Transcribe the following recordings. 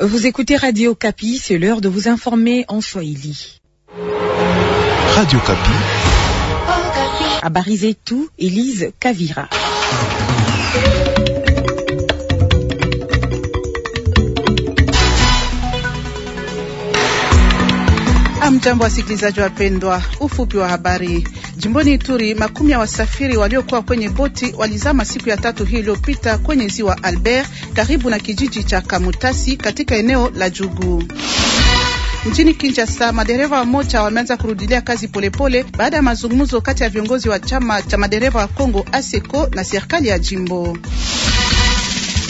Vous écoutez Radio Capi, c'est l'heure de vous informer en Swahili. Radio Capi. À tout, Elise Kavira. Jimboni Ituri, makumi ya wasafiri waliokuwa kwenye boti walizama siku ya tatu hii iliyopita kwenye ziwa Albert karibu na kijiji cha Kamutasi katika eneo la Jugu. Nchini Kinshasa, madereva wa mocha wameanza kurudilia kazi polepole baada ya mazungumzo kati ya viongozi wa chama cha madereva wa Kongo ASECO na serikali ya jimbo.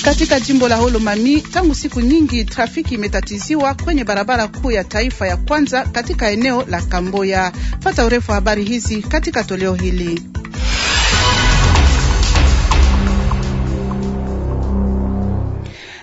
Katika jimbo la Holomami tangu siku nyingi trafiki imetatiziwa kwenye barabara kuu ya taifa ya kwanza katika eneo la Kamboya. Fata urefu wa habari hizi katika toleo hili.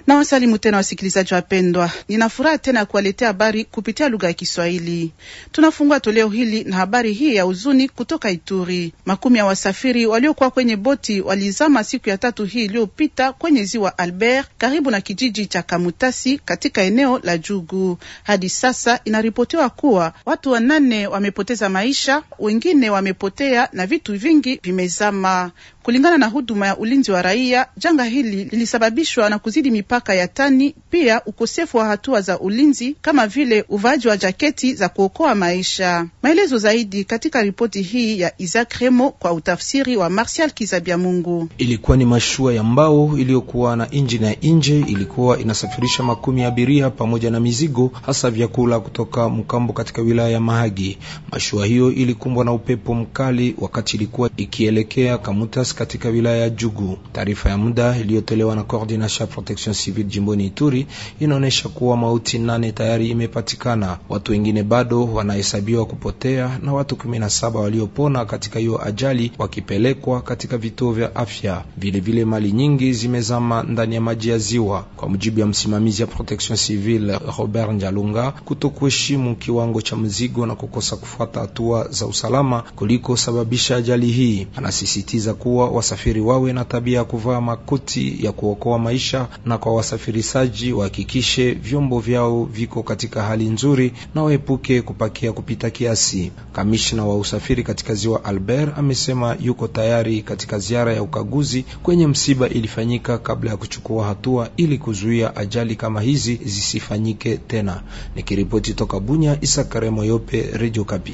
Na wasalimu tena wasikilizaji wapendwa, ninafuraha tena ya kuwaletea habari kupitia lugha ya Kiswahili. Tunafungua toleo hili na habari hii ya huzuni kutoka Ituri. Makumi ya wasafiri waliokuwa kwenye boti walizama siku ya tatu hii iliyopita kwenye ziwa Albert karibu na kijiji cha Kamutasi katika eneo la Jugu. Hadi sasa inaripotiwa kuwa watu wanane wamepoteza maisha, wengine wamepotea na vitu vingi vimezama. Kulingana na huduma ya ulinzi wa raia, janga hili lilisababishwa na kuzidi mipa mipaka ya tani, pia ukosefu wa hatua za ulinzi kama vile uvaaji wa jaketi za kuokoa maisha. Maelezo zaidi katika ripoti hii ya Isaac Remo kwa utafsiri wa Martial Kizabia Mungu. Ilikuwa ni mashua ya mbao iliyokuwa na injini ya nje, ilikuwa inasafirisha makumi ya abiria pamoja na mizigo, hasa vyakula kutoka Mkambo katika wilaya ya Mahagi. Mashua hiyo ilikumbwa na upepo mkali wakati ilikuwa ikielekea Kamutas katika wilaya ya Jugu. Taarifa ya muda iliyotolewa na Coordination Protection Civil jimboni Ituri inaonyesha kuwa mauti nane tayari imepatikana, watu wengine bado wanahesabiwa kupotea na watu kumi na saba waliopona katika hiyo ajali wakipelekwa katika vituo vya afya. Vilevile vile mali nyingi zimezama ndani ya maji ya ziwa, kwa mujibu ya msimamizi ya Protection Civile Robert Njalunga. Kutokuheshimu kiwango cha mzigo na kukosa kufuata hatua za usalama kuliko sababisha ajali hii. Anasisitiza kuwa wasafiri wawe na tabia ya kuvaa makoti ya kuokoa maisha na kwa wasafirishaji wahakikishe vyombo vyao viko katika hali nzuri na waepuke kupakia kupita kiasi. Kamishna wa usafiri katika ziwa Albert amesema yuko tayari katika ziara ya ukaguzi kwenye msiba ilifanyika kabla ya kuchukua hatua ili kuzuia ajali kama hizi zisifanyike tena. Nikiripoti toka Bunya, Isa Karemo Yope, Radio Kapi.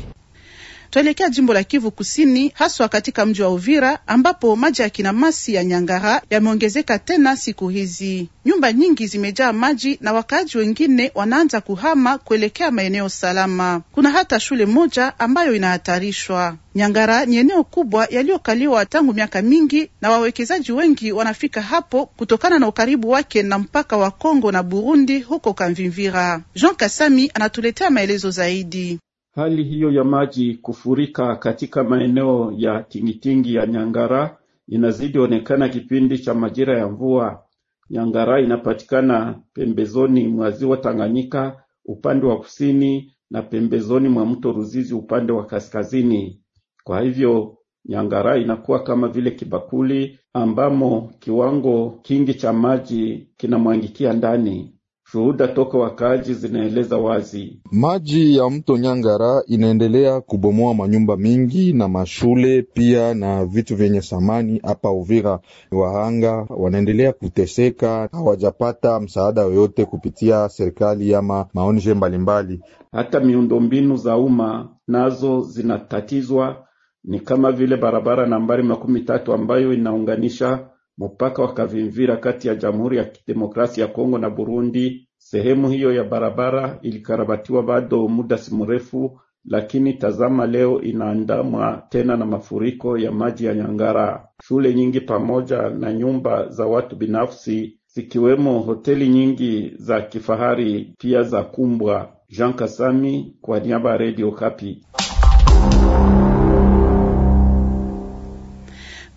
Tuelekea jimbo la Kivu Kusini, haswa katika mji wa Uvira ambapo maji ya kinamasi ya Nyangara yameongezeka tena siku hizi. Nyumba nyingi zimejaa maji na wakaaji wengine wanaanza kuhama kuelekea maeneo salama. Kuna hata shule moja ambayo inahatarishwa. Nyangara ni eneo kubwa yaliyokaliwa tangu miaka mingi na wawekezaji wengi wanafika hapo kutokana na ukaribu wake na mpaka wa Kongo na Burundi huko Kamvimvira. Jean Kasami anatuletea maelezo zaidi. Hali hiyo ya maji kufurika katika maeneo ya tingitingi ya Nyangara inazidi onekana kipindi cha majira ya mvua. Nyangara inapatikana pembezoni mwa ziwa Tanganyika upande wa kusini na pembezoni mwa mto Ruzizi upande wa kaskazini. Kwa hivyo Nyangara inakuwa kama vile kibakuli ambamo kiwango kingi cha maji kinamwangikia ndani. Shuhuda toka wakaaji zinaeleza wazi, maji ya mto Nyangara inaendelea kubomoa manyumba mingi na mashule pia na vitu vyenye samani hapa Uvira. Wahanga wanaendelea kuteseka, hawajapata msaada yoyote kupitia serikali ama maonje mbalimbali. Hata miundombinu za umma nazo zinatatizwa, ni kama vile barabara nambari makumi tatu ambayo inaunganisha mpaka wa Kavimvira kati ya Jamhuri ya Kidemokrasia ya Kongo na Burundi. Sehemu hiyo ya barabara ilikarabatiwa bado muda si mrefu, lakini tazama, leo inaandamwa tena na mafuriko ya maji ya Nyangara. Shule nyingi pamoja na nyumba za watu binafsi zikiwemo hoteli nyingi za kifahari pia za kumbwa. Jean Kasami kwa niaba ya Radio Kapi.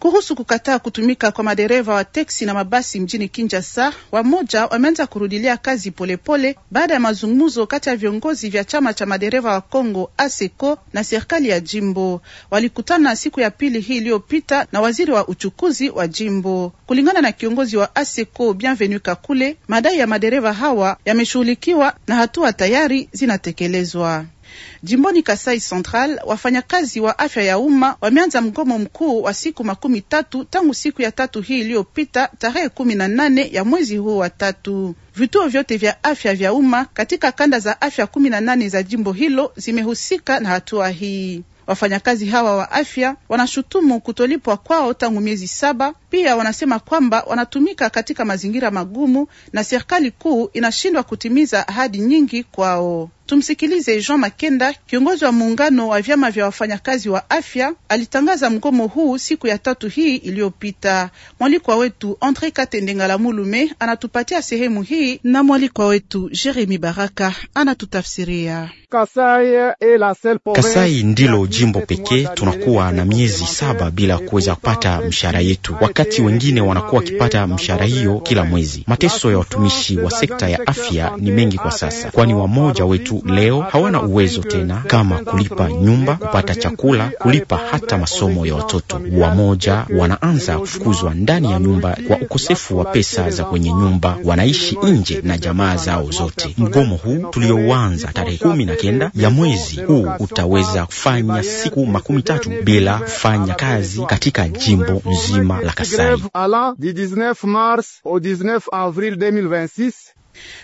Kuhusu kukataa kutumika kwa madereva wa teksi na mabasi mjini Kinshasa, wamoja wameanza kurudilia kazi polepole baada ya mazungumzo kati ya viongozi vya chama cha madereva wa congo ASECO na serikali ya jimbo. Walikutana siku ya pili hii iliyopita na waziri wa uchukuzi wa jimbo. Kulingana na kiongozi wa ASECO Bienvenu Kakule, madai ya madereva hawa yameshughulikiwa na hatua tayari zinatekelezwa. Jimboni Kasai Central, wafanyakazi wa afya ya umma wameanza mgomo mkuu wa siku makumi tatu tangu siku ya tatu hii iliyopita tarehe kumi na nane ya mwezi huu wa tatu. Vituo vyote vya afya vya umma katika kanda za afya kumi na nane za jimbo hilo zimehusika na hatua hii. Wafanyakazi hawa wa afya wanashutumu kutolipwa kwao tangu miezi saba. Pia wanasema kwamba wanatumika katika mazingira magumu na serikali kuu inashindwa kutimiza ahadi nyingi kwao. Tumsikilize Jean Makenda, kiongozi wa muungano wa vyama vya wafanyakazi wa afya, alitangaza mgomo huu siku ya tatu hii iliyopita. Mwalikwa wetu Andre Katendengala Mulume anatupatia sehemu hii na mwalikwa wetu Jeremi Baraka anatutafsiria. Kasai ndilo jimbo pekee tunakuwa na miezi saba bila kuweza kupata mshahara yetu, wakati wengine wanakuwa wakipata mshahara hiyo kila mwezi. Mateso ya watumishi wa sekta ya afya ni mengi kwa sasa, kwani wamoja wetu watu leo hawana uwezo tena kama kulipa nyumba, kupata chakula, kulipa hata masomo ya watoto. Wamoja wanaanza kufukuzwa ndani ya nyumba kwa ukosefu wa pesa za kwenye nyumba, wanaishi nje na jamaa zao zote. Mgomo huu tuliouanza tarehe kumi na kenda ya mwezi huu utaweza kufanya siku makumi tatu bila kufanya kazi katika jimbo nzima la Kasai.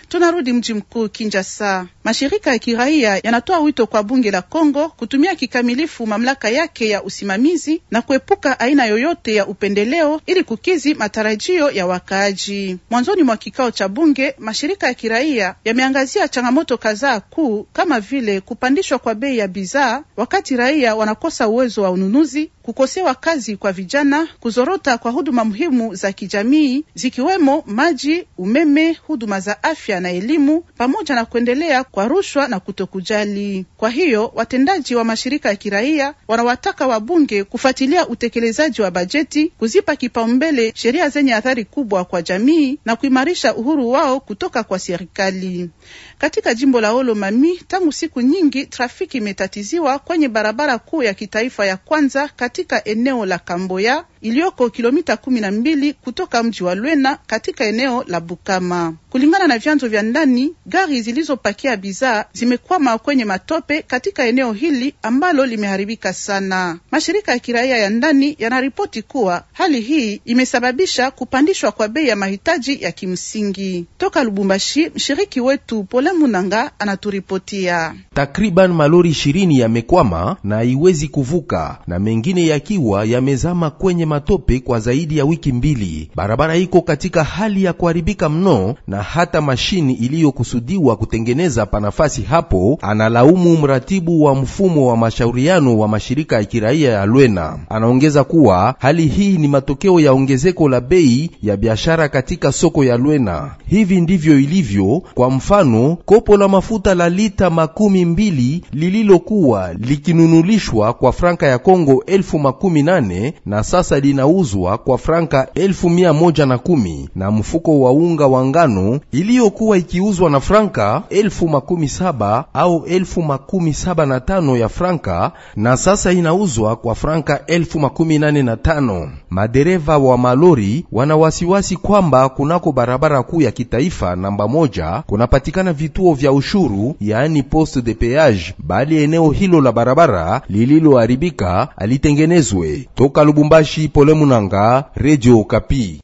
Tunarudi mji mkuu kinjasa Mashirika ya kiraia yanatoa wito kwa bunge la Kongo kutumia kikamilifu mamlaka yake ya usimamizi na kuepuka aina yoyote ya upendeleo ili kukizi matarajio ya wakaaji. Mwanzoni mwa kikao cha bunge, mashirika ya kiraia yameangazia changamoto kadhaa kuu kama vile kupandishwa kwa bei ya bidhaa wakati raia wanakosa uwezo wa ununuzi, kukosewa kazi kwa vijana, kuzorota kwa huduma muhimu za kijamii zikiwemo maji, umeme, huduma za afya na elimu, pamoja na kuendelea kwa rushwa na kutokujali. Kwa hiyo watendaji wa mashirika ya kiraia wanawataka wabunge kufuatilia utekelezaji wa bajeti, kuzipa kipaumbele sheria zenye athari kubwa kwa jamii na kuimarisha uhuru wao kutoka kwa serikali. Katika jimbo la olo Mami, tangu siku nyingi trafiki imetatiziwa kwenye barabara kuu ya kitaifa ya kwanza katika eneo la Kamboya iliyoko kilomita kumi na mbili kutoka mji wa Lwena katika eneo la Bukama. Kulingana na vyanzo vya ndani, gari zilizopakia bidhaa zimekwama kwenye matope katika eneo hili ambalo limeharibika sana. Mashirika ya kiraia ya ndani yanaripoti kuwa hali hii imesababisha kupandishwa kwa bei ya mahitaji ya kimsingi. Toka Lubumbashi, mshiriki wetu Pole Munanga anaturipotia. Takriban malori ishirini yamekwama na iwezi kuvuka na mengine yakiwa yamezama kwenye matope kwa zaidi ya wiki mbili. Barabara iko katika hali ya kuharibika mno, na hata mashini iliyokusudiwa kutengeneza panafasi hapo, analaumu mratibu wa mfumo wa mashauriano wa mashirika ya kiraia ya Lwena. Anaongeza kuwa hali hii ni matokeo ya ongezeko la bei ya biashara katika soko ya Lwena. Hivi ndivyo ilivyo, kwa mfano kopo la mafuta la lita makumi makumi mbili lililokuwa likinunulishwa kwa franka ya Kongo elfu makumi nane na sasa linauzwa kwa franka elfu mia moja na kumi na mfuko wa unga wa ngano iliyokuwa ikiuzwa na franka elfu makumi saba au elfu makumi saba na tano ya franka na sasa inauzwa kwa franka elfu makumi nane na tano. Madereva wa malori wana wasiwasi kwamba kunako barabara kuu ya kitaifa namba moja kunapatikana vituo vya ushuru yaani poste de de peage, bali eneo hilo la barabara lililoharibika alitengenezwe. Toka Lubumbashi, Pole Munanga, Radio Kapi.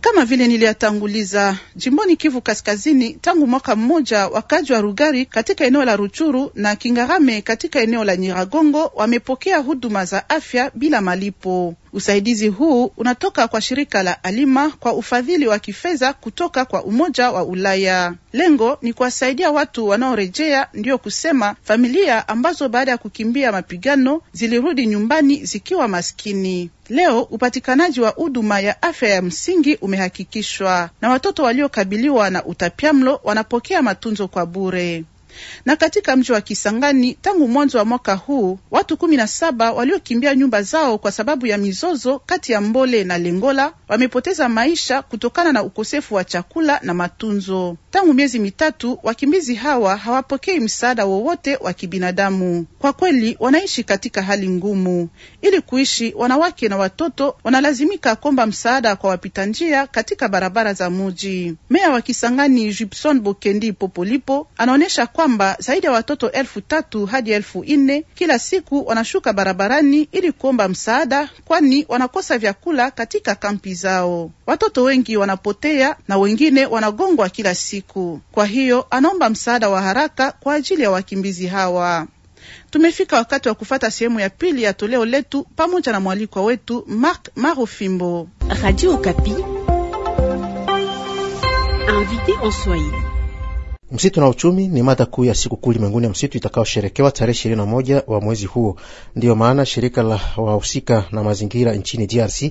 Kama vile niliyatanguliza, jimboni Kivu Kaskazini, tangu mwaka mmoja, wakaji wa Rugari katika eneo la Ruchuru na Kingarame katika eneo la Nyiragongo wamepokea huduma za afya bila malipo. Usaidizi huu unatoka kwa shirika la Alima kwa ufadhili wa kifedha kutoka kwa Umoja wa Ulaya. Lengo ni kuwasaidia watu wanaorejea, ndiyo kusema familia ambazo baada ya kukimbia mapigano zilirudi nyumbani zikiwa maskini. Leo upatikanaji wa huduma ya afya ya msingi umehakikishwa na watoto waliokabiliwa na utapiamlo wanapokea matunzo kwa bure. Na katika mji wa Kisangani, tangu mwanzo wa mwaka huu watu kumi na saba waliokimbia nyumba zao kwa sababu ya mizozo kati ya Mbole na Lengola wamepoteza maisha kutokana na ukosefu wa chakula na matunzo. Tangu miezi mitatu, wakimbizi hawa hawapokei msaada wowote wa kibinadamu. Kwa kweli, wanaishi katika hali ngumu. Ili kuishi, wanawake na watoto wanalazimika kuomba msaada kwa wapita njia katika barabara za muji. Meya wa Kisangani Jipson Bokendi Popolipo anaonyesha kwa kwamba zaidi ya watoto elfu tatu hadi elfu nne kila siku wanashuka barabarani ili kuomba msaada, kwani wanakosa vyakula katika kampi zao. Watoto wengi wanapotea na wengine wanagongwa kila siku. Kwa hiyo anaomba msaada wa haraka kwa ajili ya wakimbizi hawa. Tumefika wakati wa kufata sehemu ya pili ya toleo letu pamoja na mwalikwa wetu Mark Marofimbo, Radio Kapi, invité en Swahili. Msitu na uchumi ni mada kuu ya siku kuu ulimwenguni ya msitu itakayosherekewa tarehe 21 wa mwezi huo. Ndiyo maana shirika la wahusika na mazingira nchini DRC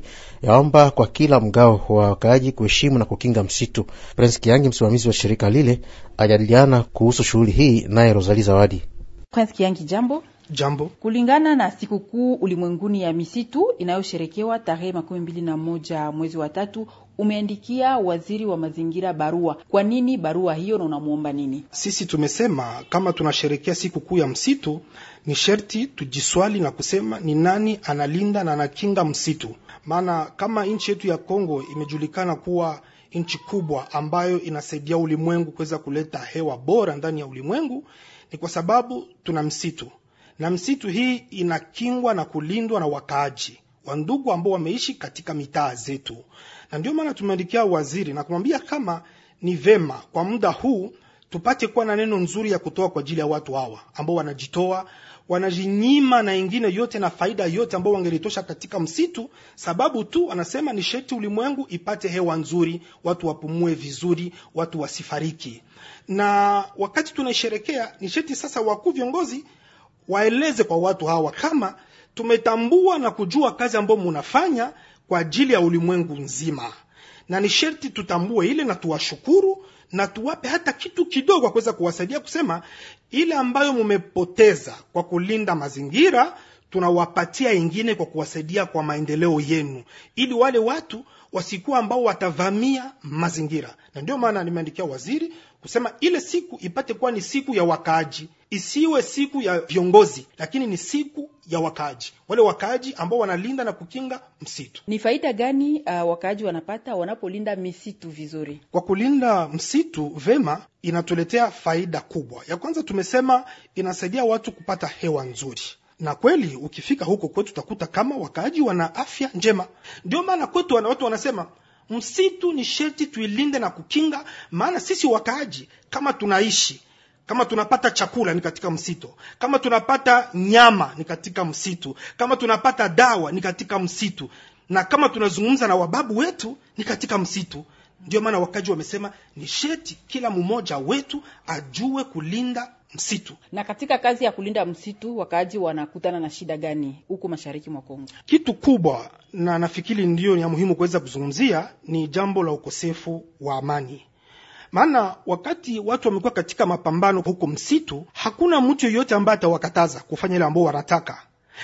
yaomba kwa kila mgao wa wakaaji kuheshimu na kukinga msitu. Prince Kiangi, msimamizi wa shirika lile, ajadiliana kuhusu shughuli hii naye Rosali Zawadi. Prince Kiangi, jambo jambo. Kulingana na sikukuu ulimwenguni ya misitu inayosherekewa tarehe makumi mbili na moja mwezi wa tatu, umeandikia waziri wa mazingira barua. Kwa nini barua hiyo na unamwomba nini? Sisi tumesema kama tunasherekea sikukuu ya msitu, ni sherti tujiswali na kusema ni nani analinda na anakinga msitu, maana kama nchi yetu ya Kongo imejulikana kuwa nchi kubwa ambayo inasaidia ulimwengu kuweza kuleta hewa bora ndani ya ulimwengu ni kwa sababu tuna msitu, na msitu hii inakingwa na kulindwa na wakaaji wa ndugu ambao wameishi katika mitaa zetu, na ndio maana tumeandikia waziri na kumwambia kama ni vema kwa muda huu tupate kuwa na neno nzuri ya kutoa kwa ajili ya watu hawa ambao wanajitoa wanajinyima na ingine yote na faida yote ambayo wangelitosha katika msitu, sababu tu wanasema ni sheti ulimwengu ipate hewa nzuri, watu wapumue vizuri, watu wasifariki. Na wakati tunaisherekea, ni sheti sasa wakuu viongozi waeleze kwa watu hawa kama tumetambua na kujua kazi ambayo munafanya kwa ajili ya ulimwengu nzima na ni sherti tutambue ile na tuwashukuru na tuwape hata kitu kidogo kuweza kuwasaidia kusema ile ambayo mumepoteza kwa kulinda mazingira tunawapatia ingine kwa kuwasaidia kwa maendeleo yenu, ili wale watu wasiku ambao watavamia mazingira, na ndio maana nimeandikia waziri kusema ile siku ipate kuwa ni siku ya wakaaji, isiwe siku ya viongozi, lakini ni siku ya wakaaji, wale wakaaji ambao wanalinda na kukinga msitu. Ni faida gani uh, wakaaji wanapata wanapolinda misitu vizuri? Kwa kulinda msitu vema, inatuletea faida kubwa. Ya kwanza tumesema inasaidia watu kupata hewa nzuri na kweli ukifika huko kwetu utakuta kama wakaaji wana afya njema. Ndio maana kwetu wana watu wanasema msitu ni sherti tuilinde na kukinga, maana sisi wakaaji kama tunaishi kama tunapata chakula ni katika msitu, kama tunapata nyama ni katika msitu, kama tunapata dawa ni katika msitu, na kama tunazungumza na wababu wetu ni katika msitu. Ndio maana wakaji wamesema ni sheti kila mmoja wetu ajue kulinda msitu. Na katika kazi ya kulinda msitu, wakaaji wanakutana na shida gani huko mashariki mwa Kongo? Kitu kubwa na nafikiri ndiyo ya muhimu kuweza kuzungumzia ni jambo la ukosefu wa amani maana wakati watu wamekuwa katika mapambano huko msitu, hakuna mtu yoyote ambaye atawakataza kufanya ile ambao wanataka,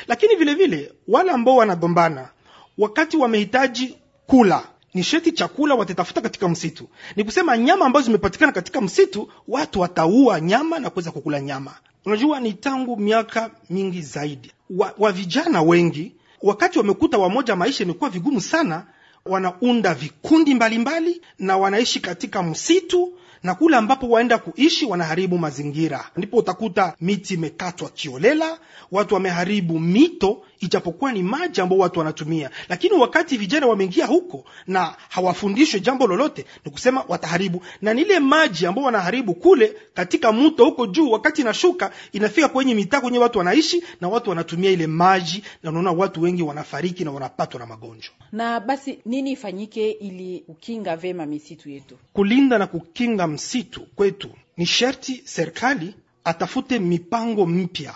lakini vile vile wale ambao wanagombana, wakati wamehitaji kula nisheti chakula watatafuta katika msitu. Ni kusema nyama ambazo zimepatikana katika msitu, watu wataua nyama na kuweza kukula nyama. Unajua, ni tangu miaka mingi zaidi wa, wa vijana wengi wakati wamekuta wamoja, maisha imekuwa vigumu sana, wanaunda vikundi mbalimbali mbali, na wanaishi katika msitu na kule ambapo waenda kuishi wanaharibu mazingira, ndipo utakuta miti imekatwa kiolela, watu wameharibu mito ijapokuwa ni maji ambao watu wanatumia, lakini wakati vijana wameingia huko na hawafundishwe jambo lolote, ni kusema wataharibu. Na nile maji ambao wanaharibu kule katika mto huko juu, wakati inashuka inafika kwenye mitaa kwenye watu wanaishi, na watu wanatumia ile maji, na unaona watu wengi wanafariki na wanapatwa na magonjwa. Na basi nini ifanyike ili kukinga vema misitu yetu? Kulinda na kukinga msitu kwetu ni sharti serikali atafute mipango mpya,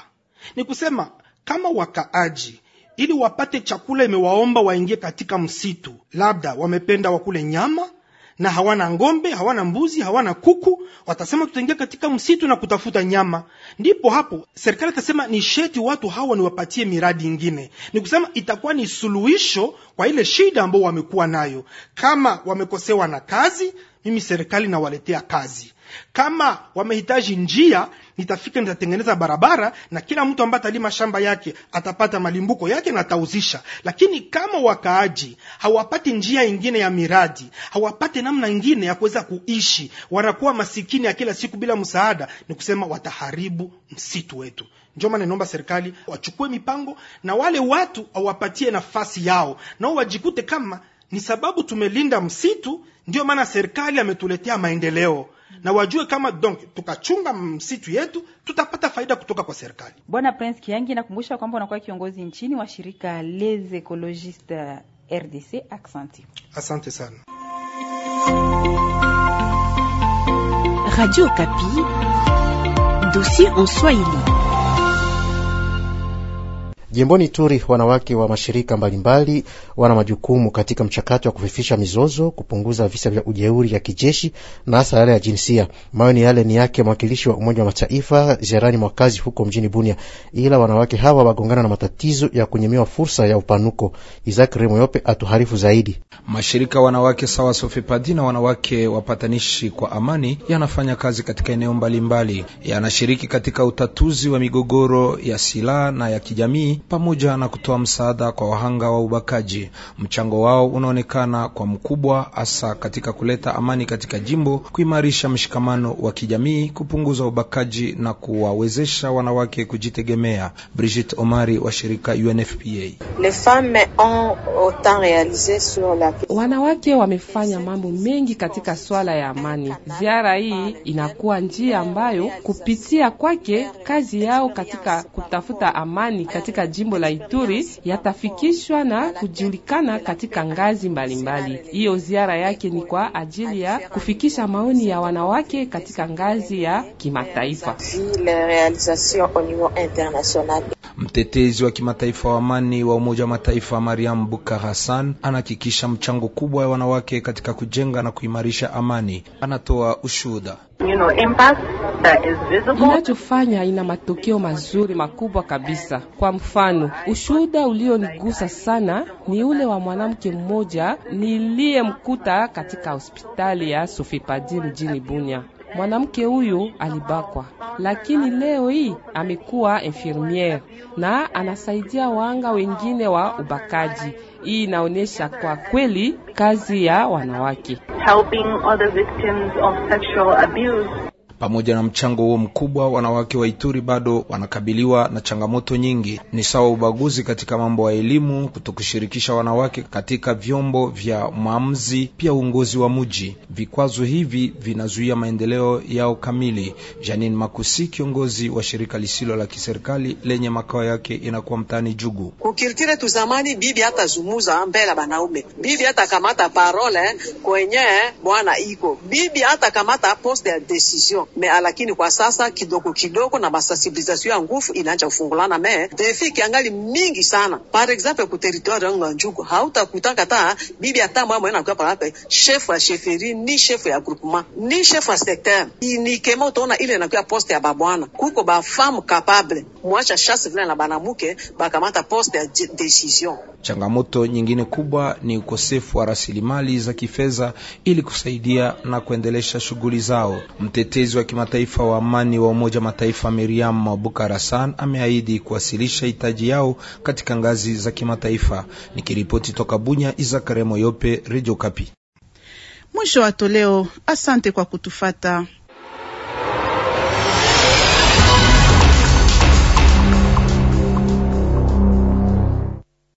ni kusema kama wakaaji ili wapate chakula, imewaomba waingie katika msitu. Labda wamependa wakule nyama na hawana ng'ombe, hawana mbuzi, hawana kuku, watasema tutaingia katika msitu na kutafuta nyama. Ndipo hapo serikali atasema ni sheti watu hawa niwapatie miradi ingine, ni kusema itakuwa ni suluhisho kwa ile shida ambao wamekuwa nayo, kama wamekosewa na kazi mimi serikali nawaletea kazi. Kama wamehitaji njia, nitafika nitatengeneza barabara, na kila mtu ambaye atalima shamba yake atapata malimbuko yake na atauzisha. Lakini kama wakaaji hawapati njia ingine ya miradi, hawapati namna ingine ya kuweza kuishi, wanakuwa masikini ya kila siku bila msaada, ni kusema wataharibu msitu wetu. Ndio maana naomba serikali wachukue mipango na wale watu wawapatie nafasi yao, nao wajikute kama ni sababu tumelinda msitu ndiyo maana serikali ametuletea maendeleo hmm. na wajue kama donc tukachunga msitu yetu tutapata faida kutoka kwa serikali. Bwana Prince Kiangi, nakumbusha kwamba unakuwa kiongozi nchini wa shirika Les Ecologistes RDC. Asante, asante sana. Radio Kapi, dossier en Swahili. Jimboni turi wanawake wa mashirika mbalimbali wana majukumu katika mchakato wa kufifisha mizozo, kupunguza visa vya ujeuri ya kijeshi na hasa yale ya jinsia. ni yale ni yake mwakilishi wa Umoja wa Mataifa ziarani mwakazi huko mjini Bunia, ila wanawake hawa wagongana na matatizo ya kunyimiwa fursa ya upanuko. Isak Remoyope atuharifu zaidi. Mashirika wanawake sawa Sofepadi na wanawake wapatanishi kwa amani yanafanya kazi katika eneo mbalimbali, yanashiriki katika utatuzi wa migogoro ya silaha na ya kijamii pamoja na kutoa msaada kwa wahanga wa ubakaji. Mchango wao unaonekana kwa mkubwa, hasa katika kuleta amani katika jimbo, kuimarisha mshikamano wa kijamii, kupunguza ubakaji na kuwawezesha wanawake kujitegemea. Brigitte Omari wa shirika UNFPA. Wanawake wamefanya mambo mengi katika swala ya amani. Ziara hii inakuwa njia ambayo kupitia kwake kazi yao katika kutafuta amani katika jimbo la Ituri yatafikishwa na kujulikana katika ngazi mbalimbali. Hiyo mbali. Ziara yake ni kwa ajili ya kufikisha maoni ya wanawake katika ngazi ya kimataifa. Mtetezi wa kimataifa wa amani wa Umoja wa Mataifa Mariam Bukar Hassan anahakikisha mchango kubwa ya wanawake katika kujenga na kuimarisha amani. Anatoa ushuhuda. You know, inachofanya ina matokeo mazuri makubwa kabisa. Kwa mfano, ushuhuda ulionigusa sana ni ule wa mwanamke mmoja niliyemkuta katika hospitali ya sofipadi mjini Bunia. Mwanamke huyu alibakwa, lakini leo hii amekuwa infirmiere na anasaidia wahanga wengine wa ubakaji. Hii inaonyesha kwa kweli kazi ya wanawake. Helping other victims of sexual abuse. Pamoja na mchango huo mkubwa, wanawake wa Ituri bado wanakabiliwa na changamoto nyingi, ni sawa ubaguzi katika mambo ya elimu, kutokushirikisha wanawake katika vyombo vya maamuzi, pia uongozi wa mji. Vikwazo hivi vinazuia maendeleo yao kamili. Janine Makusi, kiongozi wa shirika lisilo la kiserikali lenye makao yake inakuwa mtaani Jugu. Kukirikire tu zamani, bibi zumuza mbele banaume, bibi hatakamata parole kwenye bwana iko, bibi hatakamata poste ya decision me lakini kwa sasa kidogo kidogo na masensibilisation ya nguvu inaanja kufungulana me defi kiangali mingi sana. Par exemple ku territoire ya Nganjuku hautakuta kata bibi ata mama kwa palape chef wa cheferi ni chef ya groupement ni chef wa secteur ni kema, utaona ile na kwa poste ya babwana kuko ba femme capable mwacha chasse vile na banamuke bakamata poste ya decision. Changamoto nyingine kubwa ni ukosefu wa rasilimali za kifedha ili kusaidia na kuendelesha shughuli zao. Mtetezi wa kimataifa wa amani wa Umoja Mataifa Miriam Bukar Hassan ameahidi kuwasilisha hitaji yao katika ngazi za kimataifa. Nikiripoti toka Bunya, Izakaremo Yope, Radio Kapi. Mwisho wa toleo. Asante kwa kutufata.